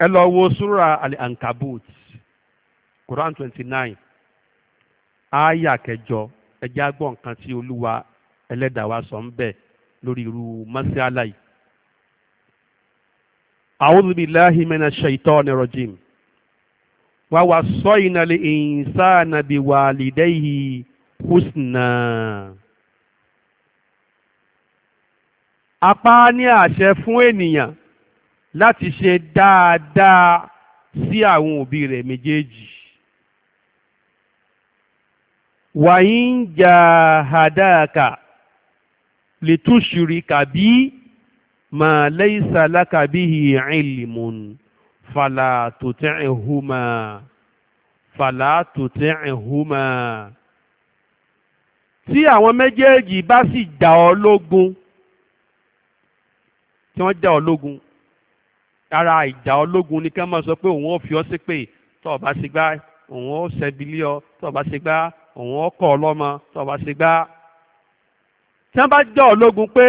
ẹ lọ al-ankabut quran twenty nine aya kẹjọ ẹ jẹ́ á gbọ́ nǹkan tí olúwa ẹlẹ́dàá wa sọ ń bẹ̀ lórí irú masiala yìí. a'udhu billahi minash shaitani rajim wa wassayna lil insana biwalidayhi husna. apá ní àṣẹ fún ènìyàn láti ṣe dáadáa sí àwọn òbí rẹ̀ méjèèjì. wàyín jà àdáàkà lè tún ṣùrí kàbí mà lẹ́yìnsà lákàbí ìrìnlìmùn fàlà tó tẹ́ ìhùmà fàlà tí àwọn méjèèjì bá sì jà ọ́ lógun tí wọ́n jà ọ́ lógun ara ìjà ológun ni ká máa sọ pé òun ò fi ọ́ sí pé tó o bá ṣe gbá òun ò ṣẹ́bílí ọ tó o bá ṣe gbá òun ò kọ́ ọ lọ́mọ tó o bá gbá. tí wọ́n bá jọ ológun pé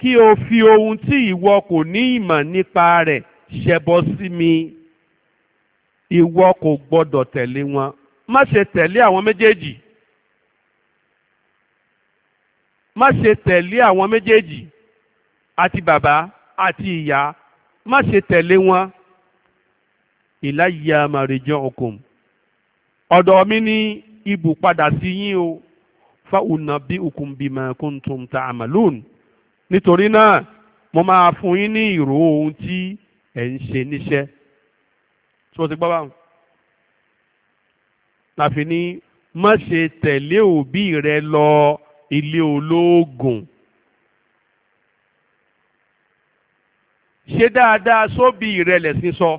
kí o fi ohun tí ìwọ kò ní ìmọ̀ nípa rẹ̀ ṣẹbọ sí mi ìwọ kò gbọ́dọ̀ tẹ̀lé wọn má ṣe tẹ̀lé àwọn méjèèjì má ṣe tẹ̀lé àwọn méjèèjì àti bàbá àti ìyá má ṣe tẹ̀lé wọn ìláyà màrìjọ okùn ọ̀dọ̀ mi ní ibù padà sí yín o fáwọnà bí okùn bímọ kúntùm ta àmàlùn nítorí náà mo máa fún yín ní ìró ohun tí ẹ̀ ń ṣe níṣẹ́ tí wọ́n ti gbọ́ báwọn láfi ní má ṣe tẹ̀lé òbí rẹ lọ ilé olóògùn ṣe dáadáa sóbì rẹ lẹ̀sìn sọ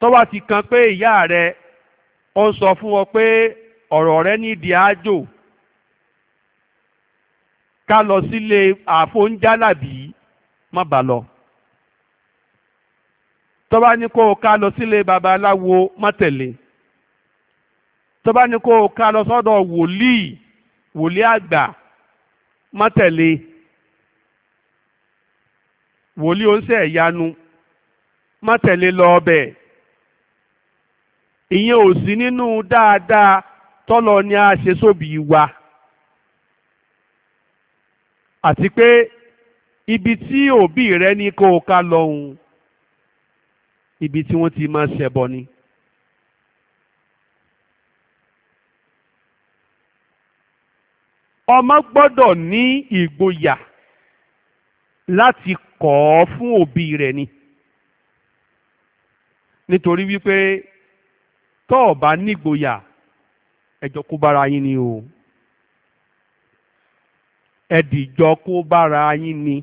tọ́wá ti kan pé ìyá rẹ ó ń sọ fún ọ pé ọ̀rọ̀ rẹ nídìí àjò ká lọ sílé àfọ̀njálàbí má bà lọ tọ́ba ní kó o ká lọ sílé babaláwo má tẹ̀lé tọ́ba ní kó o ká lọ sọ́dọ̀ wòlíì wòlíì àgbà má tẹ̀lé. wòlíì oníṣẹ́ ìyanu má tẹ̀lé lọ ọbẹ̀ ìyẹn ò sí nínú dáadáa tọ́lọ ni a ṣe sóbì wa àti pé ibi tí òbí rẹ ní kó o ká lọ́hùn ibi tí wọ́n ti máa ṣẹbọ ni. ọmọ gbọ́dọ̀ ní ìgboyà láti kọ̀ ọ́ fún òbí rẹ̀ ni nítorí wípé tọ́ ọ̀ bá nígboyà ẹjọ́ kó bára yín ni o ẹdìjọ́ kó bára yín ni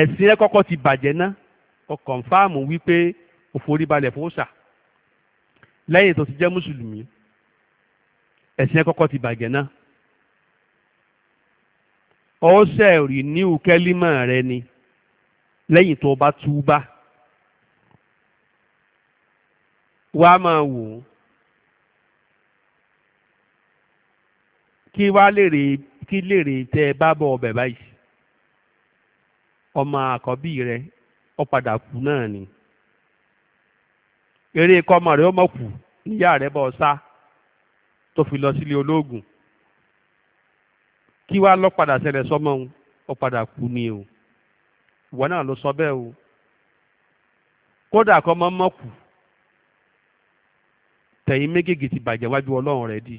ẹ̀sìn ẹ kọ́kọ́ ti bàjẹ́ ná ọ kọ̀ǹfàmù wípé òforíbalẹ̀ fòóṣà lẹ́yìn tó ti jẹ́ mùsùlùmí ẹ̀sìn ẹ kọ́kọ́ ti bàjẹ́ náà. ọ̀ọ́sẹ̀ rí ní ukẹ́límọ̀ rẹ ni lẹ́yìn tó bá túbá wá máa wò ó kí wá lèrè kí lèrè tẹ bá bọ̀ ọbẹ̀ báyìí ọmọ àkọ́bí rẹ ọ padà kú náà ni eré kọ́mọ rẹ ó kù níyà rẹ bọ́ sá tó fi lọ sílé olóògùn kí wàá lọ padà ṣẹlẹ̀ sọmọ òun ó padà kú ni o ìwọ náà ló sọ bẹ́ẹ̀ o kódà kọ́ mọ́ mọ́ kù tẹ̀yìn méjèèjì ti bàjẹ́ wájú ọlọ́run rẹ̀ dì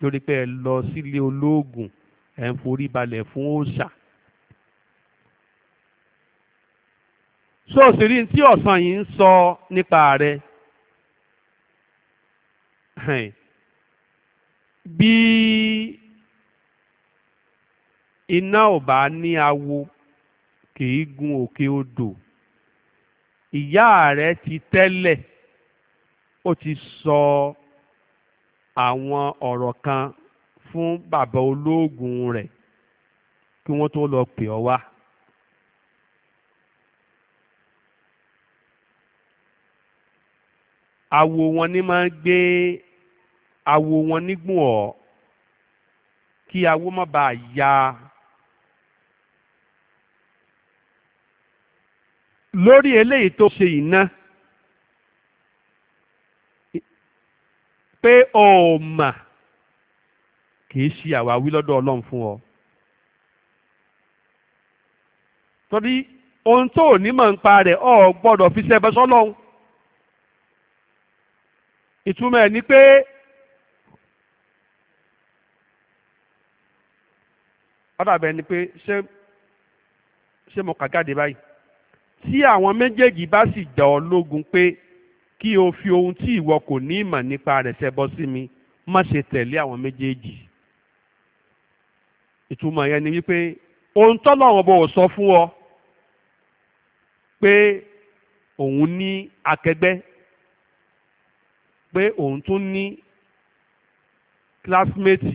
lórí pé ẹ lọ sílé olóògùn ẹ ń forí balẹ̀ fún òòṣà. so òṣèré tí ọ̀sán yìí ń sọ nípa rẹ bí iná ò bá ní awo kì í gun òkè odò ìyá rẹ ti tẹ́lẹ̀ ó ti sọ àwọn ọ̀rọ̀ kan fún bàbá olóògùn rẹ̀ kí wọ́n tó lọ pè ọ́ wá. awo wọn ni máa ń gbé awo wọn nígùn ọ́ kí awo má bàa ya. lórí eléyìí tó ṣe iná pé o mà kìí ṣe àwáwí lọ́dọ̀ ọlọ́run fún ọ. torí ohun tó ní mọ̀ ń pa rẹ̀ o gbọ́dọ̀ fi ṣẹbẹ sọ́lọ́run. ìtumọ̀ ẹ̀ ni pé ọ̀dà ni pé ṣé ṣé mo kà jáde báyìí tí àwọn méjèèjì bá sì dá ọ lógun pé kí o fi ohun tí ìwọ kò ní ìmọ̀ nípa rẹ̀ ṣẹbọ sí mi má ṣe tẹ̀lé àwọn méjèèjì ìtumọ̀ yẹn ni wípé ohun tọ́lọ́wọ́n bò sọ fún ọ pé òun ní akẹgbẹ́ pé òun tún ní kílásímẹ́tì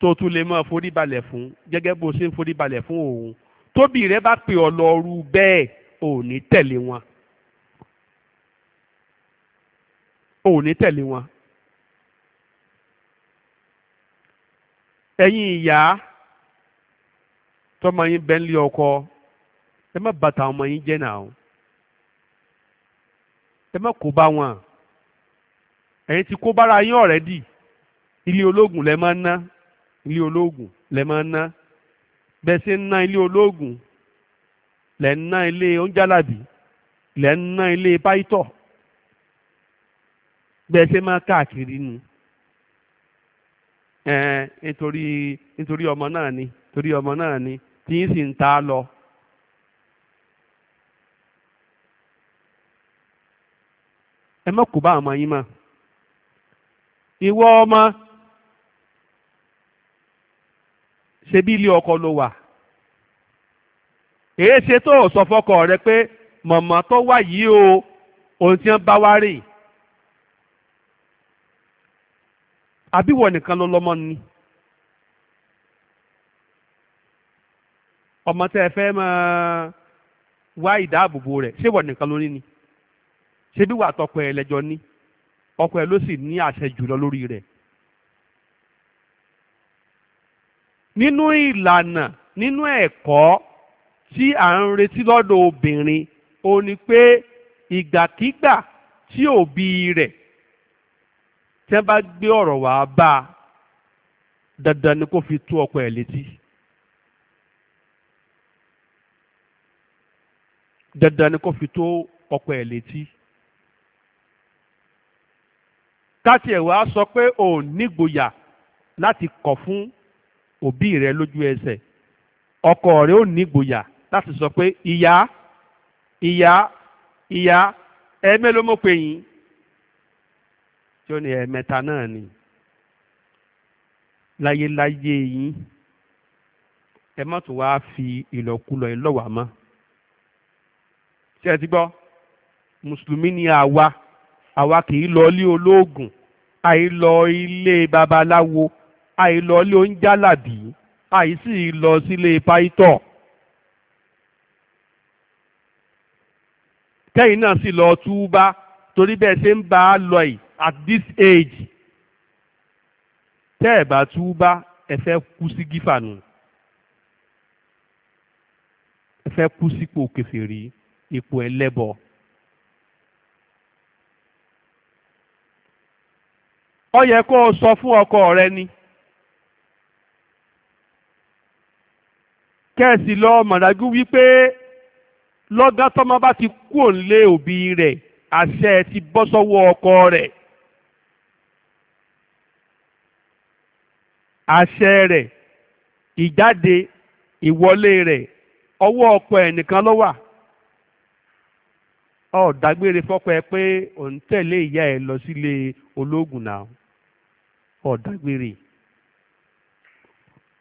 tó tún lè máa foríbalẹ̀ fún gẹ́gẹ́ bó ṣe ń foríbalẹ̀ fún òun tóbi rẹ bá pè ọ lọ́ọ́rù bẹ́ẹ̀ ò ní tẹ̀lé wọn ò ní tẹ̀lé wọn. ẹ̀yin ìyá tọ́mọ yín bẹ́ẹ̀ ń lé ọkọ ẹ má bàtà ọmọ yín jẹ́ náà ẹ má kó bá wọn ẹ̀yin ti kó bára yín ọ̀rẹ́dì ilé ológun lẹ máa ná ilé ológun lẹ máa ná bẹ́ẹ̀ ṣe ń ná ilé olóògùn lẹ́ ń ná ilé oúnjálàbí lẹ́ ń ná ilé páítọ̀ bẹ́ẹ̀ ṣe máa káàkiri nu ẹ̀ẹ́n nítorí nítorí ọmọ náà ni torí ọmọ náà ni tí ń sì ń ta lọ. ẹ má kó bá ọmọ yín mọ́ ìwọ ọmọ ṣebí ilé ọkọ ló wà èyí ṣe tó sọ fọ́kọ rẹ pé mọ̀mọ́ tó wà yìí o ohun tí wọ́n bá wá rèé àbíwọ̀ nìkan ló lọ́mọ ni ọmọ tẹ́ ẹ fẹ́ máa wá ìdáàbòbò rẹ̀ ṣé wọ̀ nìkan ló ní ni ṣé bí wà tọkọ ẹ lẹ́jọ́ ní ọkọ ẹ ló sì ní àṣẹ jùlọ lórí rẹ̀ nínú ìlànà nínú ẹ̀kọ́ tí à ń retí lọ́dọ̀ obìnrin ó ní pé ìgbàkígbà tí òbí rẹ̀ tẹ́ bá gbé ọ̀rọ̀ wá bá a dandan ni kó fi tú ọkọ ẹ̀ létí. dandan ni kó fi tó ọkọ ẹ̀ létí. káti ẹ̀ wá sọ pé òun nígboyà láti kọ̀ fún òbí rẹ lójú ẹsẹ̀ ọkọ rẹ ò ní ìgboyà láti sọ pé ìyá ìyá ìyá ẹ̀ẹ́mẹ́ ló mọ̀ pé yín tí ó ní ẹ̀ẹ̀mẹ́ta náà ni láyéláyé yín ẹ má tún wáá fi ìlọkulọ ẹ lọ́wàá mọ́ ṣé ti gbọ́ mùsùlùmí ni àwa àwa kì í lọ ilé olóògùn àì ilé babaláwo àìlọ́lé oúnjálàbí àìsí lọ sílé pàìtọ́ kẹ́yìn náà sì lọ túbá torí bẹ́ẹ̀ ṣe ń bá a lọ yìí at this age tẹ́ ẹ̀ bá túbá ẹ fẹ́ kú sí gífà nù ẹ fẹ́ kú sípò kèfèrí ipò ẹlẹ́bọ. ó yẹ kó o sọ fún ọkọ rẹ ni. kẹ́ẹ̀sì lọ mọ̀dájú wípé lọ́gán tọ́mọ bá ti kú òǹlé òbí rẹ̀ àṣẹ ti bọ́ sọ́wọ́ ọkọ rẹ̀ àṣẹ rẹ̀ ìjáde ìwọlé rẹ̀ ọwọ́ ọkọ ẹ̀ nìkan ló wà ọ fọ́kọ ẹ pé ò ń tẹ̀lé ìyá ẹ lọ sílé ológun náà ọ dágbére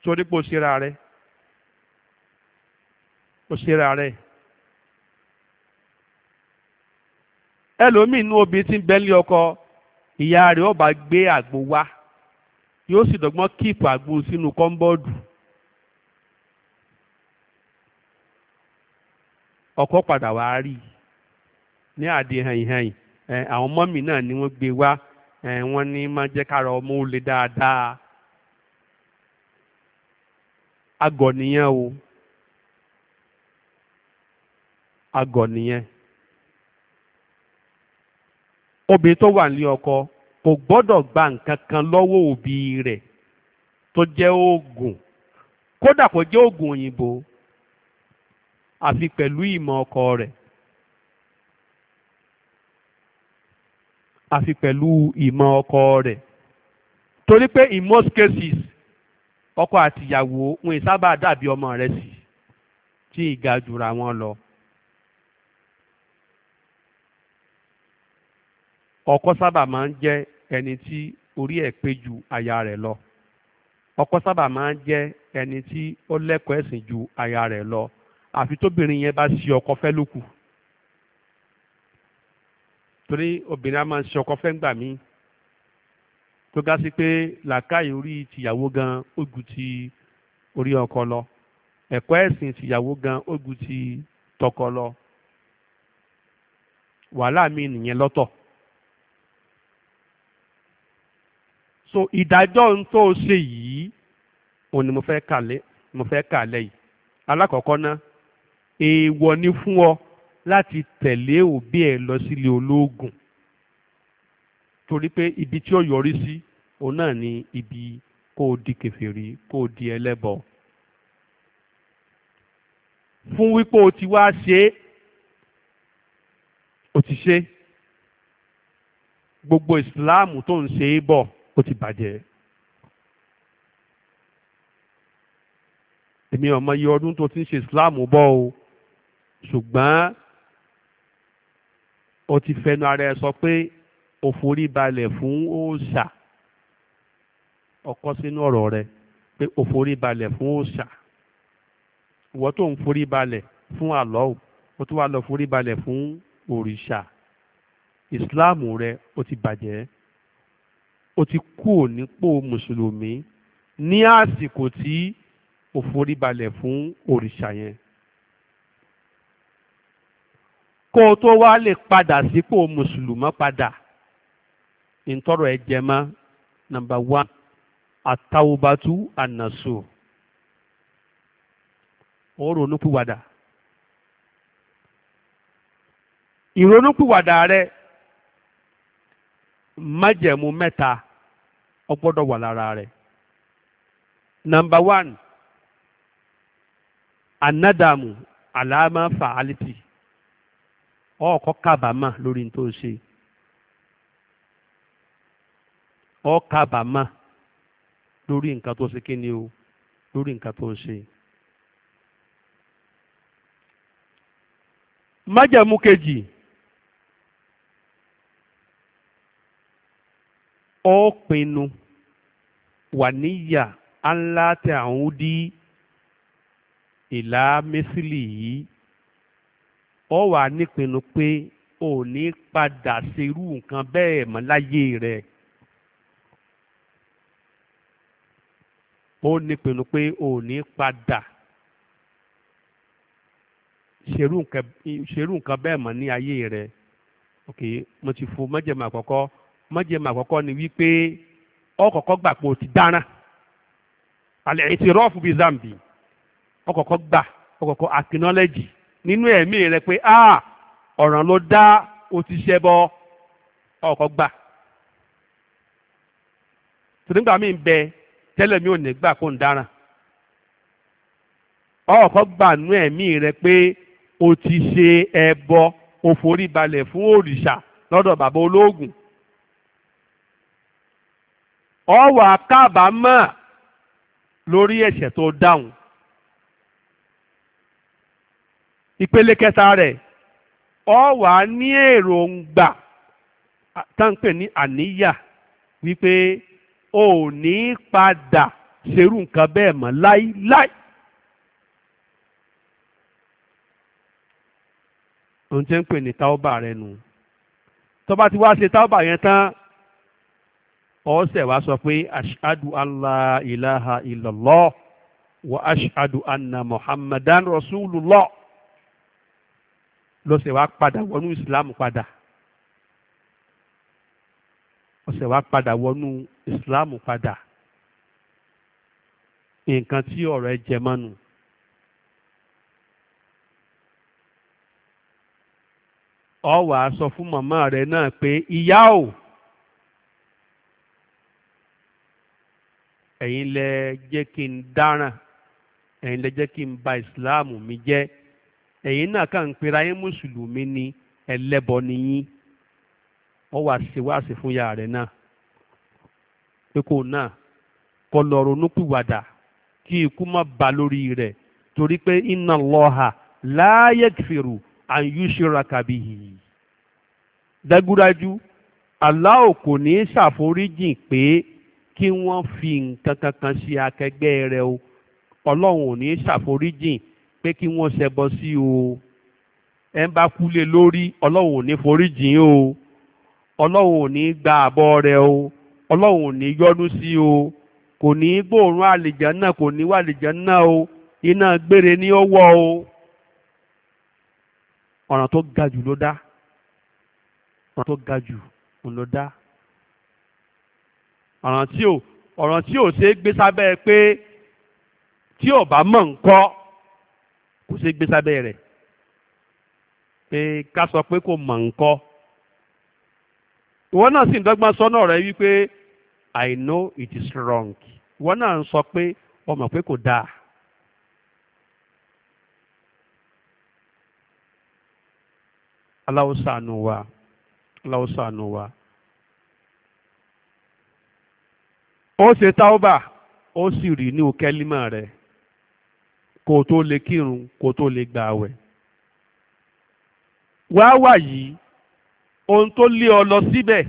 torí pé o kò ṣera rẹ̀ ẹlòmíì inú obìnrin tí ń bẹ ní ọkọ ìyá rẹ̀ ọba gbé àgbo wá yóò sì dọ́gbọ́n kíìpù àgbo sínú kọ́ńbọ́ọ̀dù ọkọ padà wá rí ní àdé hẹ̀yìnhẹ̀yìn àwọn mọ́mì náà ni wọ́n gbé wá wọ́n ní máa jẹ́ kára ọmọ ó le dáadáa agọ̀ nìyẹn o. agọ̀ nìyẹn obìnrin tó wà nílé ọkọ kò gbọ́dọ̀ gba nǹkan kan lọ́wọ́ òbí rẹ̀ tó jẹ́ oògùn kódà kó jẹ́ oògùn òyìnbó àfi pẹ̀lú ìmọ̀ ọkọ rẹ̀ àfi pẹ̀lú ìmọ̀ ọkọ rẹ̀ torí pé in most cases ọkọ àtìyàwó wọn ì sábà dàbí ọmọ rẹ̀ sí tí ìga jùra wọn lọ. ọkọ sábà máa ń jẹ́ ẹni tí orí ẹ̀ pé ju aya rẹ̀ lọ ọkọ sábà máa ń jẹ́ ẹni tí ó lẹ́kọ̀ọ́ ẹ̀sìn ju aya rẹ̀ lọ àfi tóbìnrin yẹn bá ṣe ọkọ fẹ́ lókù torí obìnrin a máa ń ṣe ọkọ fẹ́ ń gbà tó ga sí pé làákàyè orí tìyàwó gan ó ti orí ọkọ lọ ẹ̀kọ́ ẹ̀sìn tìyàwó gan ó ti tọkọ lọ wàhálà mi nìyẹn lọ́tọ̀. so ìdájọ́ ń tó ṣe yìí òun ni mo fẹ́ kàlẹ́ mo fẹ́ kàlẹ́ yìí alákọ̀ọ́kọ́ ná èèwọ̀ ni fún ọ láti tẹ̀lé òbí ẹ lọ sílé olóògùn torí pé ibi tí ó yọrí sí òun náà ni ibi kó o di kèfèrí kó o di ẹlẹ́bọ fún wípé o ti wá ṣe é o ti ṣe gbogbo ìsìláàmù tó ń ṣe é bọ̀ ó ti bàjẹ́. èmi ọmọ iye ọdún tó ti ń ṣe Islam bọ́ o ṣùgbọ́n ó ti fẹnu ara ẹ sọ pé ó forí balẹ̀ fún òòṣà ọkọ sínú ọ̀rọ̀ rẹ pé ó forí balẹ̀ fún òòṣà ìwọ tó ń forí balẹ̀ fún àlọ́ ó tún wá lọ forí balẹ̀ fún òrìṣà Islam rẹ ó ti bàjẹ́ ó ti kúrò nípò mùsùlùmí ní àsìkò tí ó forí balẹ̀ fún òrìṣà yẹn. kó o tó wá lè padà sípò mùsùlùmọ́ padà ìtọ́rọ̀ ẹ jẹ mọ́ nàmbà wán àtàwùbátú ànàṣù ó ìrònúpìwàdà rẹ májẹ̀mú mẹ́ta. ó gbọ́dọ̀ wà lára rẹ̀. nọmba one anádàmù àlàámà fàálítì ọ̀ọ́kọ́ kábàámà lórí tó ṣe ọ̀ kábàámà lórí nǹkan tó ṣe kí o lórí nǹkan tó ṣe. májàmú kejì ó pinnu. wàníyà ńlá tẹ àwọn dí ìlà mẹ́sìlì yìí ọ wà nípinnu pé ò ní padà ṣerú nǹkan bẹ́ẹ̀ mọ́ láyé rẹ̀ ó nípinnu pé ò ní padà ṣerú nǹkan bẹ́ẹ̀ mọ́ ní ayé rẹ̀ ok mo ti fún mọ́jẹ̀mọ́ àkọ́kọ́ mọ́jẹ̀mọ́ àkọ́kọ́ ni wípé. ọkọ̀ọ̀kọ́ gbà pé o ti dára àlẹ́ ètò ìrọ́ọ̀fù bíi zambi ọkọ̀ọ̀kọ́ gbà ọkọ̀ọ̀kọ́ akínọ́lẹ́jì nínú ẹ̀mí rẹ pé a ọ̀ràn ló dá o ti ṣẹbọ ọkọ̀ gbà tònígbà mi ń bẹ tẹ́lẹ̀ mi ò ní gbà kó ń dára ọkọ̀ gbà nínú ẹ̀mí rẹ pé o ti ṣe ẹbọ o forí balẹ̀ fún òrìṣà lọ́dọ̀ bàbá olóògùn ọ wà kábàámọ̀ lórí ẹ̀ṣẹ̀ tó dáhùn. ìpele kẹta rẹ̀ ọ wà ní èròǹgbà táǹpè ní àníyà wípé o ò ní padà ṣerú nǹkan bẹ́ẹ̀ mọ́ láíláí. ohun tí ń pè ní táọ́bà rẹ nù tó ti wá ṣe táọ́bà yẹn tán ọ̀sẹ̀ wa sọ pé ashadu allah ilaha illallah wa ashadu anna muhammadan rasulullah lọ́sẹ̀ wa padà wọnú islam padà ọ̀sẹ̀ wa padà wọnú islam padà nǹkan tí ọ̀rọ̀ ẹ jẹ mọ́nu. ọ wàá sọ fún màmá rẹ náà pé ìyá o. ẹ̀yin lẹ jẹ́ kí n dáràn ẹ̀yin lẹ jẹ́ kí n ba ìsìláàmù mi jẹ́ ẹ̀yin náà kàn ń pera yín mùsùlùmí ni ẹlẹ́bọ ni yín wọ́n wá ṣe wá sí fún ya rẹ̀ náà pé kò náà kọ́ lọ ronúpìwàdà kí ikú má ba lórí rẹ̀ torí pé inna Allaha la yakfiru an yushraka bihi dágúdájú Allah kò ní ṣàforíjìn pé kí wọ́n fi nǹkan kankan sí akẹgbẹ́ rẹ o ọlọ́run ò ní ṣàforíjìn pé kí wọ́n ṣẹbọ sí o ẹ ń bá kúlé lórí ọlọ́run ò ní foríjìn o ọlọ́run ò ní gba àbọ̀ rẹ o ọlọ́run ò ní yọ́nú sí o kò ní gbóòórùn àlìjànnà kò ní wà àlìjànnà o iná gbére ni ó wọ̀ o ọ̀ràn tó ga jù ló dá ọ̀ràn tó ga jù ló dá ọ̀ràn tí ò ọ̀ràn tí ò ṣe é gbé sábẹ́ pé tí ò bá mọ̀ ń kọ́ kò ṣe é gbé sábẹ́ rẹ̀ pé ká sọ pé kò mọ̀ ń kọ́ ìwọ náà sì ń dọ́gbọ́n sọ́nà rẹ wípé I know it is wrong ìwọ náà ń sọ pé o mọ̀ pé kò dáa. aláwòsàn wa aláwòsàn wa. ó ṣe táúbà ó sì rí ní okẹ́límà rẹ̀ kó tó lè kírun kó tó lè gbààwẹ̀. wàá wà yìí ohun tó lé ọ lọ síbẹ̀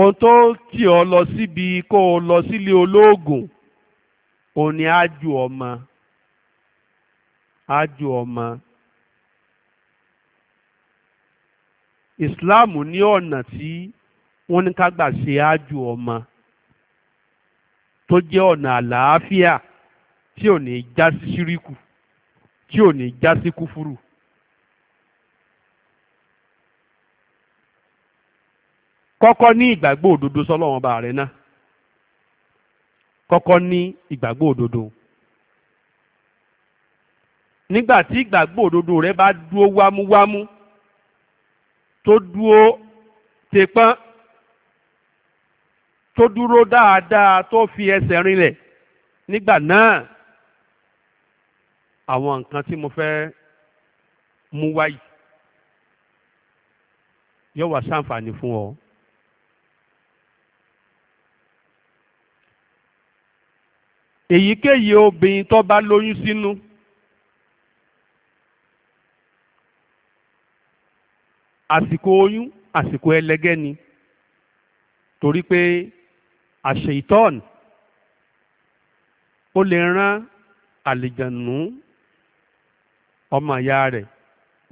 ohun tó tì ọ lọ síbi kó o lọ sílé olóògùn òun ni ájú ọmọ ájú ọmọ Islam ní ọ̀nà tí wọ́n ní ká gbà ṣe ájú ọmọ tó jẹ́ ọ̀nà àlàáfíà tí ò ní já sí ṣíríkù tí ò ní já sí kúfúrù. kọ́kọ́ ní ìgbàgbọ́ òdodo sọ́lọ́wọ́n bá rẹ̀ náà kọ́kọ́ ní ìgbàgbọ́ òdodo nígbà tí ìgbàgbọ́ òdodo rẹ bá dúó wámúwámú tó dúó tepọ́n tó dúró dáadáa tó fi ẹsẹ̀ rinlẹ̀ nígbà náà àwọn nǹkan tí mo fẹ́ mú wáyé yóò wá ṣàǹfààní fún ọ. èyíkéyìí obìnrin tó bá lóyún sínú àsìkò oyún àsìkò ẹlẹgẹ́ ni torí pé àṣeyìtọ́n ó lè rán àlìjànú ọmọ ìyá rẹ̀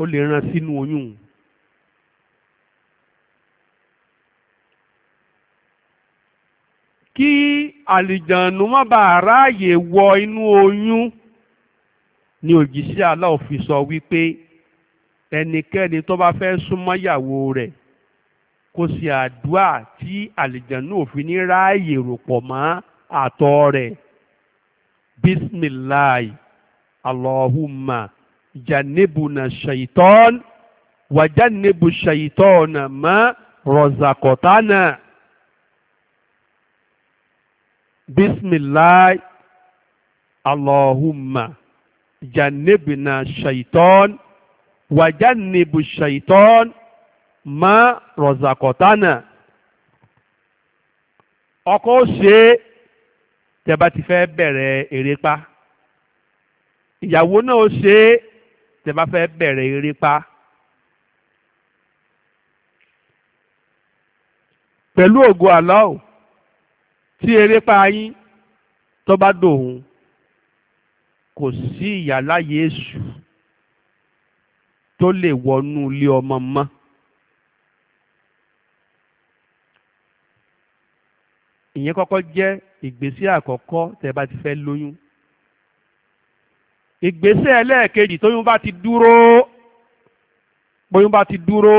ó lè rán sínú oyún. kí àlìjànú má bàa ráàyè wọ inú oyún ni òjíṣẹ́ Allah sọ wípé ẹnikẹ́ni tó bá fẹ́ súnmọ́ ìyàwó rẹ̀ kó ṣe àdúà tí àlìjànnú òfin ní ráàyè rò pọ̀ mọ́ àtọ̀ rẹ̀ bisimilahi allahumma janibuna shaitan wajanibu shaitan ma rozakotana bisimilahi allahumma janibuna shaitan wajanibu shaitan má rọ̀zàkọ̀tánà ọkọ̀ ó ṣe é tẹ́ bá ti fẹ́ bẹ̀rẹ̀ eré pa ìyàwó náà ó ṣe é tẹ́ bá fẹ́ bẹ̀rẹ̀ eré pa. pẹ̀lú ògo àlọ́ọ̀ tí erépa yín tó bá dòun kò sí ìyàláyé èṣù tó lè wọnú ilé ọmọ mọ́. ìyẹn kọ́kọ́ jẹ́ ìgbésẹ̀ àkọ́kọ́ tẹ́ bá ti fẹ́ lóyún ìgbésẹ̀ ẹlẹ́ẹ̀kejì tóyún bá ti dúró bóyún bá ti dúró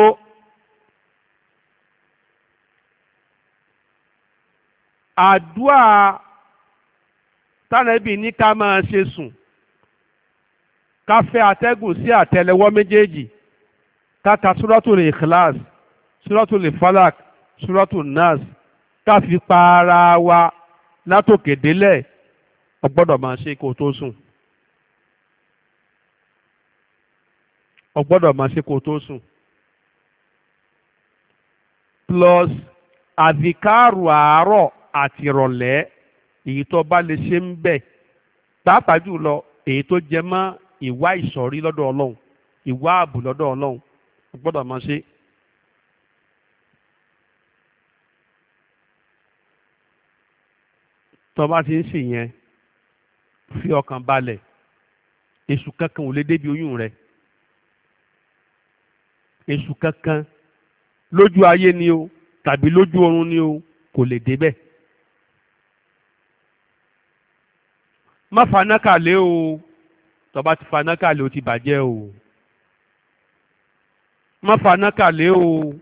àdúà tánẹ́bì ní ká máa ṣe sùn ká fẹ́ atẹ́gùn sí àtẹ́lẹwọ́ méjèèjì ká ka súrọ́tù lè ikhlas súrọ́tù lè falak súrọ́tù nas ká fi pa ara wa látòkè délẹ̀ ó gbọ́dọ̀ máa ṣe kó tó sùn. ó máa ṣe kó tó sùn. plus àdìkáàrù àárọ̀ àti ìrọ̀lẹ́ èyí tó bá lè ṣe ń bẹ̀ pàápàá jùlọ èyí tó jẹ mọ́ ìwá ìsọ̀rí lọ́dọ̀ ọlọ́run ìwá ààbò lọ́dọ̀ ọlọ́run ó máa ṣe tó bá ti ń sìn yẹn fi ọkàn balẹ̀ èṣù kankan ò lè débi oyún rẹ èṣù kankan lójú ayé ni o tàbí lójú ọ̀run ni o kò lè débẹ̀. má fanákàlẹ́ o tó bá ti fanákàlẹ́ o ti bàjẹ́ o má fanákàlẹ́ o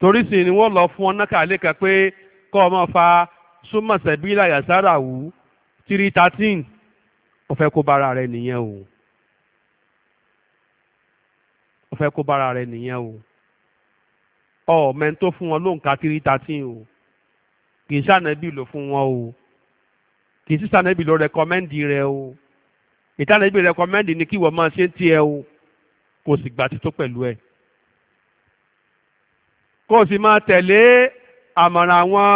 torí sì ni wọ́n lọ fún ọ nákàlẹ́ kan pé kọ́ ọ máa fa súnmọ̀ sẹ̀bílà yàsára wù three thirteen ó fẹ́ kó bára rẹ̀ nìyẹn o ó fẹ́ kó bára rẹ̀ nìyẹn o ọ mẹ́ńtó fún wọn ló ń ka three thirteen o kì í sànẹ́bí lò fún wọn o kì í sí sànẹ́bí lò rẹkọmẹ́ndì rẹ o ìtànẹ́bí rẹkọmẹ́ndì ni kí wọ́n máa ṣe tiẹ̀ o kò sì gbà tító pẹ̀lú ẹ̀ kó sì máa tẹ̀lé àmọ̀ràn àwọn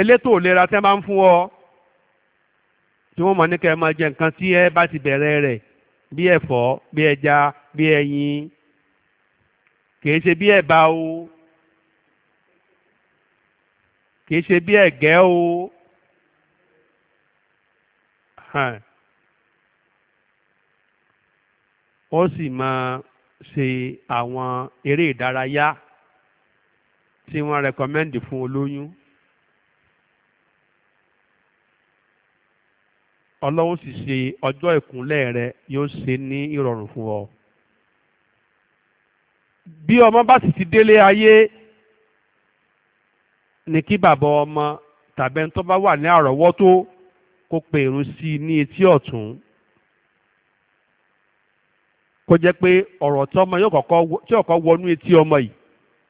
elétò ìlera tẹ́ máa ń fún ọ tí wọ́n mọ̀ ní kẹ́ ẹ máa jẹ nǹkan tí ẹ bá ti bẹ̀rẹ̀ rẹ̀ bí ẹ̀fọ́ bí ẹja bí ẹyin kìí ṣe bí ẹ̀bà o kìí ṣe bí ẹ̀gẹ́ o ó sì máa ṣe àwọn eré ìdárayá tí wọ́n rẹkọmẹ́ndì fún olóyún. ọlọ́run sì ṣe ọjọ́ ìkúnlẹ̀ rẹ yóò ṣe ní ìrọ̀rùn fún ọ. bí ọmọ bá sì ti délé ayé ni kí bàbá ọmọ tàbí ẹni tó bá wà ní àrọ́wọ́tó kó pe ìrun sí i ní etí ọ̀tún kó jẹ́ pé ọ̀rọ̀ tí ọmọ yóò kọ́kọ́ wọnú etí ọmọ yìí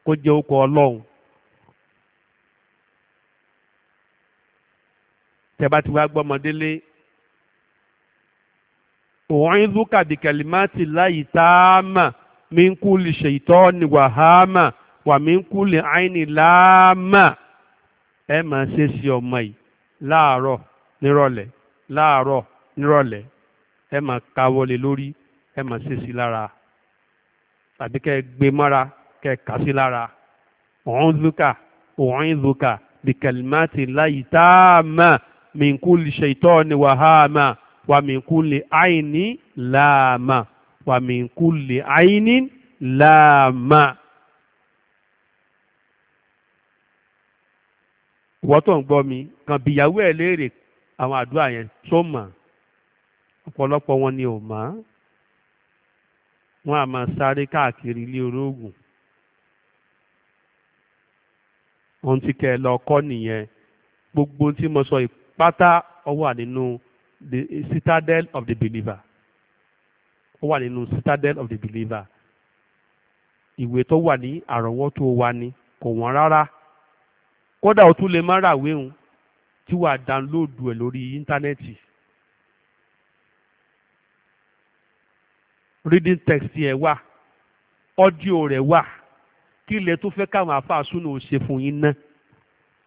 kó jẹ́ orúkọ ọlọ́run tẹ́ bá ti wá gbọ́mọdélé أعيذك بكلمات الله تامة من كل شيطان وهامة ومن كل عين لامة ẹ máa ṣe sí ọmọ yìí láàárọ̀ nírọ̀lẹ́ láàárọ̀ nírọ̀lẹ́ ẹ máa kawọlé lórí ẹ máa ṣe sí lára tàbí kẹ́ gbé mọ́ra kẹ́ kà sí lára أعيذك أعيذك بكلمات الله تامة من كل شيطان وهامة wàmínkúlẹ̀ àìní làmà wàmínkúlẹ̀ àìní làmà. ìwọ́n tó ń gbọ́ mi kan bìyàwó ẹ̀ léèrè àwọn àdúrà yẹn tó mọ̀ ọ̀pọ̀lọpọ̀ wọn ni ò mọ̀ wọn a máa sáré káàkiri ilé olóògùn ohun tí kẹ́ lọ kọ́ nìyẹn gbogbo tí mo sọ ìpátá ó wà nínú the citadel of the believer ó wà nínú citadel of the believer ìwé tó wà ní àrọ́wọ́tó wa ni kò wọ́n rárá kódà ó tún lè má ra wéhun tí wàá dánlóòdù ẹ̀ lórí íńtánẹ́ẹ̀tì reading text yẹn wà ọ́díò rẹ̀ wà kí ilẹ̀ tó fẹ́ káwọn àáfàá súnú ò ṣe fún yín ná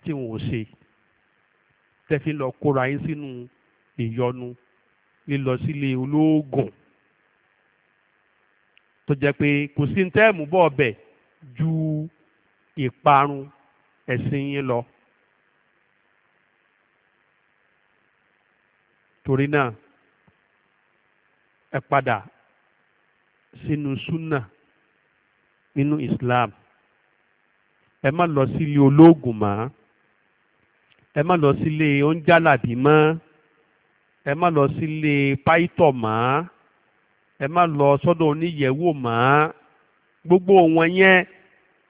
tí wọn ò ṣe tẹ́fí lọ kóra yín sínú. Si ìyọnu lílọ sílé olóògùn tó jẹ́ pé kò sí ntẹ́ẹ̀mù bọ́ ọbẹ̀ ju ìparun ẹ̀sìn yín lọ. torí náà ẹ padà sínú súnà nínú Islam ẹ má lọ sílé olóògùn mọ́ ẹ má lọ sílé oúnjẹ àlàbí mọ́ ẹ má lọ sílé pàìtọ̀ mọ́ ẹ má lọ sọ́dọ̀ oníyẹ̀wò mọ́ gbogbo wọn yẹn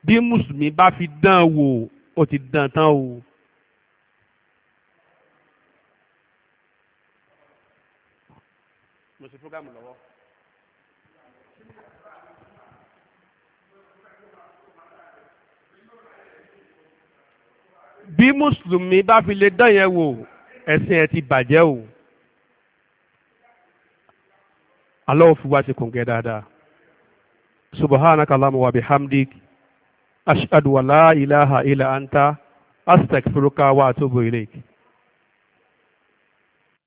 bí mùsùlùmí bá fi dán wò ó ti dán tán o. mo ṣe fúgàmù lọ́wọ́. bí mùsùlùmí bá fi lè dán yẹn wò ẹ̀sìn ẹ̀ ti bàjẹ́ o. Allah fi wá ṣe kòǹgẹ́ dáadáa subhanaka Allahumma wa bihamdik ashhadu an la ilaha illa anta astaghfiruka wa atubu ilayk.